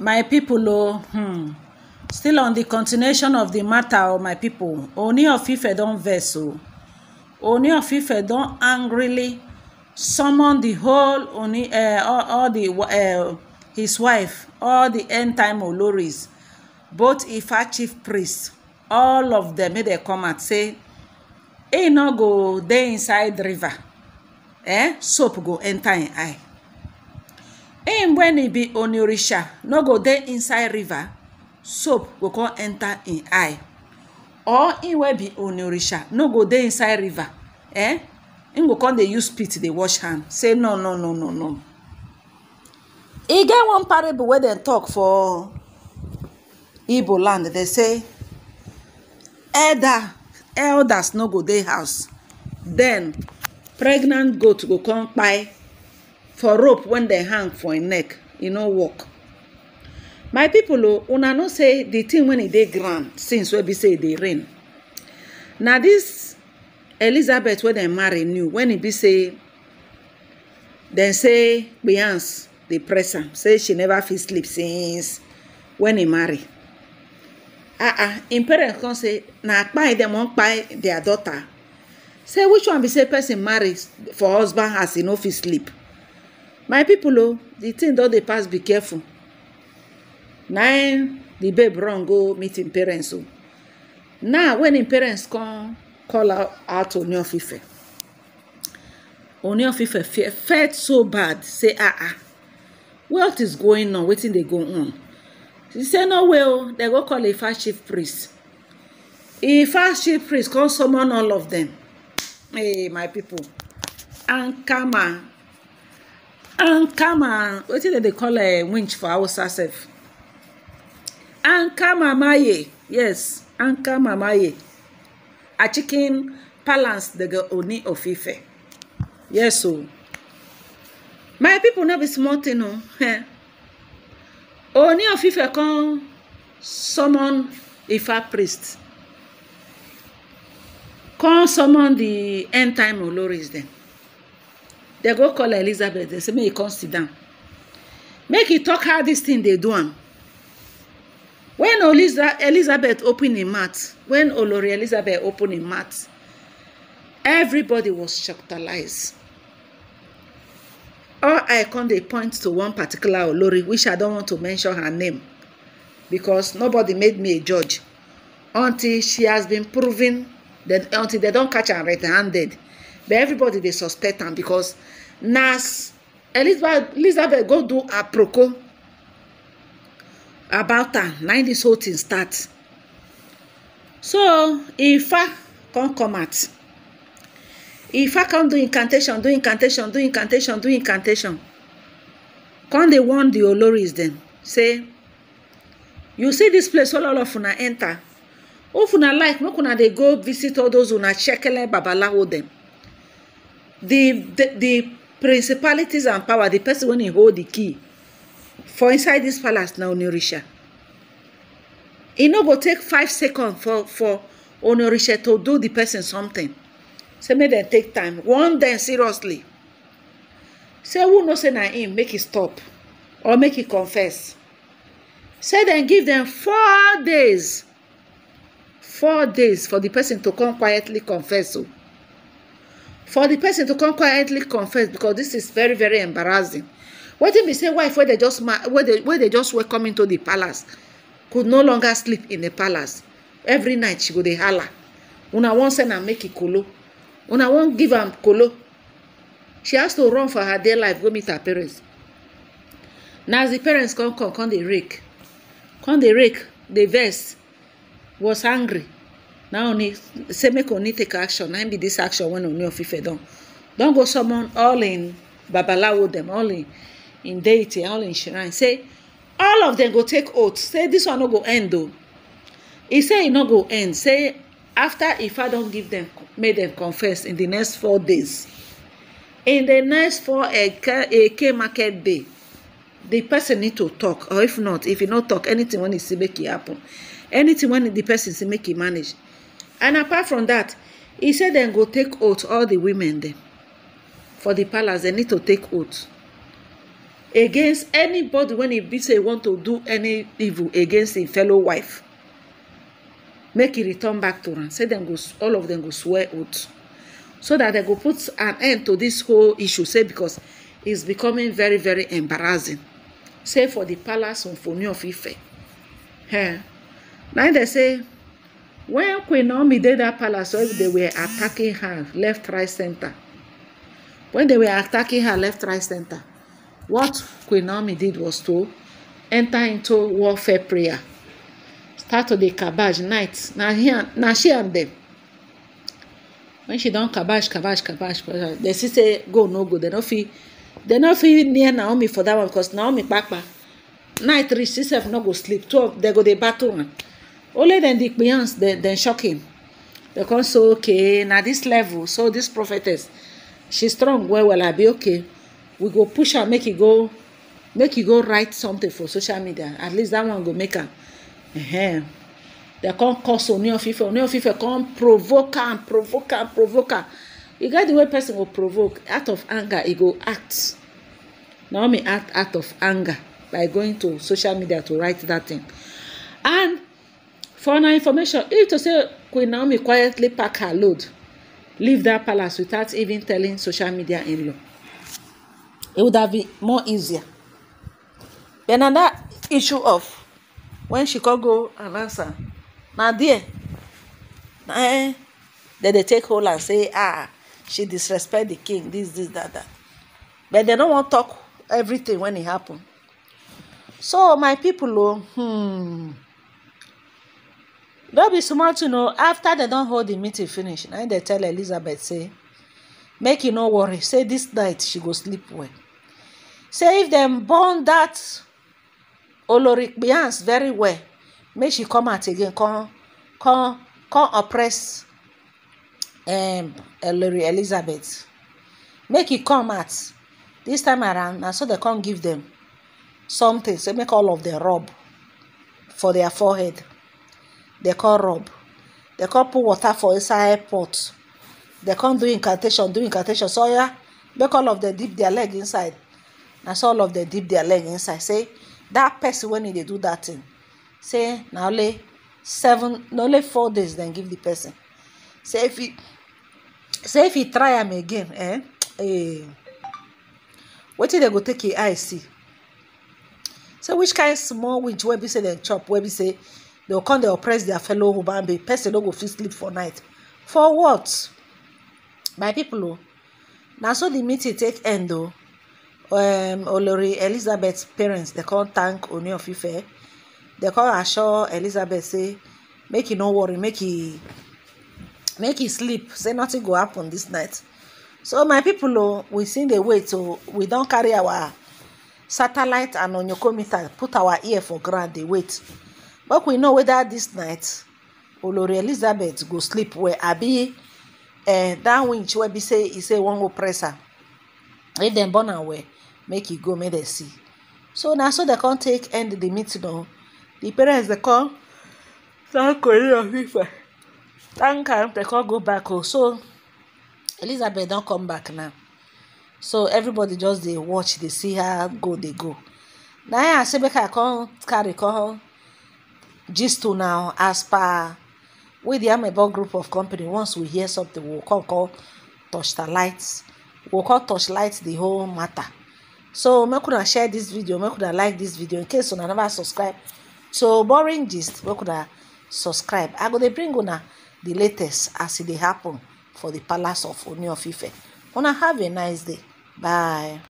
my people oh hmm, still on the continuation of the matter oh my people Ooni of Ife don vex oh Ooni of Ife don angrily summon the whole Ooni uh, all, all the uh, his wife all the end time Oloris both Ifa chief priest, all of them make dem come out say e no go dey inside river eh soap go enter im eye him when e be onirisha, no go dey inside river soap go come enter him eye or him wey be onirisha, no go dey inside river eh him go come dey use spit dey wash hand say no no no no no e get one parable wey dem talk for igbo land dey say elder elders no go dey house then pregnant goat go come kpai for rope when they hang for im neck e no work my people oh, una know say the thing when e dey ground since we be say they e rain Now this elizabeth when they marry new when he be say dem say Beyonce the press am say she never fit sleep since when he marry ah ah in parents come say na buy them wan buy their daughter say which one be say person marry for husband as he no fit sleep my people oh, the thing don dey pass be careful na the babe run go meet im parents oh. now when im parents come call out Ooni of Ife Ooni of Ife felt so bad say ah ah what is going on wetin dey go on she say no way oh. dem go call Ifa chief priest Ifa chief priest come summon all of them. hey my people and ankama ankama wetin dem dey call uh, winch for hausa sef ankama maye yes ankama maye a cikin palace daga oni of ife yes o my people no be small thing o oni of ife come summon ifa priest come summon the end time oloris dem dem go call elizabeth dem say make e come sit down make e talk how dis thing dey do am wen elizabeth open im mouth wen olori elizabeth open im mouth everybody was choctalized all i come dey point to one particular olori which i don want to mention her name because nobody made me a judge until she has been proven that until they don catch am red handed but everybody dey suspect am because na elizabeth elizabeth go do aproko about am na this whole thing start so ifa come come out ifa come do incantation do incantation do incantation do incantation come dey warn the oloris dem say you see dis place all of una enter if una like make una dey go visit all those una shekele babalawo dem the the, principalities and power the person when he hold the key for inside this palace na onisha e no go take five seconds for for onisha to do the person something say make dem take time warn dem seriously say who know say na him make he stop or make he confess say dem give dem four days four days for the person to come quietly confess o. Oh. So for the person to come quietly confess because this is very very embarrassing What wetin he say wife wey dey just wey dey wey dey just welcome into the palace could no longer sleep in the palace every night she go dey hala una wan send am make e kolo una wan give am kolo she has to run for her dear life go meet her parents na as the parents come come come dey rake come dey rake dey vex was angry na oni say make oni take action na be this action wey oni of ife don don go summon all im babalawo dem all in, in deity all in shrine say all of dem go take oath say this one no go end o e say e no go end say after ifa don give dem make dem confess in the next four days in the next four eke eke market day the person need to talk or if not if e no talk anything wey e see make e happen anything wey the person see make e manage and apart from that, he said, dem go take oath all the women then, for the palace They need to take oath against anybody when he be say want to do any evil against im fellow wife make e return back to am say go all of them go swear oath so that they go put an end to this whole issue say because it's becoming very very embarrassing say for the palace of ife eh Yeah. Now they say wen queen naomi dey dat palace oi they were attacking her left right center when they were attacking her left right center what queen naomi did was to enter into warfare prayer start to dey kabaj night na here she and dem. wen she don kabaj kabaj kabaj dem see say go no go dem no fit dem no fit near naomi for dat one because naomi kpakpa night reach she sef no go sleep twelve dem go dey battle am. only then the kpiyans then shock him dem come say okay now this level so this prophetess she's strong well well i be okay we go push her make e go make e go write something for social media at least that one go make am -huh. dem come curse oni of ife oni of ife come provoke and provoke am provoke her you get the way person will provoke out of anger e go act naomi act out of anger by going to social media to write that thing and for una information if to say queen naomi quietly pack her load leave that palace without even telling social media in-law it would have been more easier then another issue of when she come go announce am na there na eh dem dey take hold am say ah she disrespect the king this this that that but they no wan talk everything when e happen so my people o oh, hmm no be small tin know. After dem don hold di meeting finish na im dey tell elizabeth say make you no worry say dis night she go sleep well say if dem burn dat olorikpians very well make she come out again come come come oppress um, Elori elizabeth make e come out dis time around na so dem come give dem something say make all of dem rub for their forehead dem come rub dem come put water for inside pot dem come do incantation do incantation so oya make all of dem dip their leg inside na so all of dem dip their leg inside say that person wey e dey do that thing say na only seven na only four days dem give the person say if he say if he try am again eh eh wetin dem go take e eye see say which kind small winch wey be say dem chop wey be say they will come They oppress their fellow human being person no go fit sleep for night for what my people oh, na so the meeting take end Oh, um, olori elizabeth parents dey come thank oni of ife dey come assure elizabeth say make e no worry make e make e sleep say nothing go happen this night so my people oh, we still dey wait o oh. we don carry our satellite and onyokometer put our ear for ground dey wait make we know whether this night olori elizabeth go sleep well abi eh, that winch wey be say e say wan go press am if dem born am well make e go make dem see so na so dem come take end di meeting o The parents dey come thank korea fifa thank am dem come go back o so elizabeth don come back now so everybody just dey watch dey see how go dey go na i say make i come carry come Just to now as per with the amebo group of company once we hear something we will call touch the lights. we call touch light the whole matter so make una share this video make una like this video in case you never subscribe So boring gist make una subscribe i go they bring una the latest as it happen for the palace of Ooni of Wanna have a nice day bye.